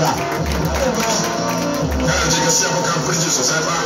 lá. kana ji gaskiya ba ka burge sosai ba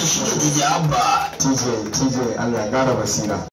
da shi da DJ Abba. TJ, TJ, Allah ya gara basira.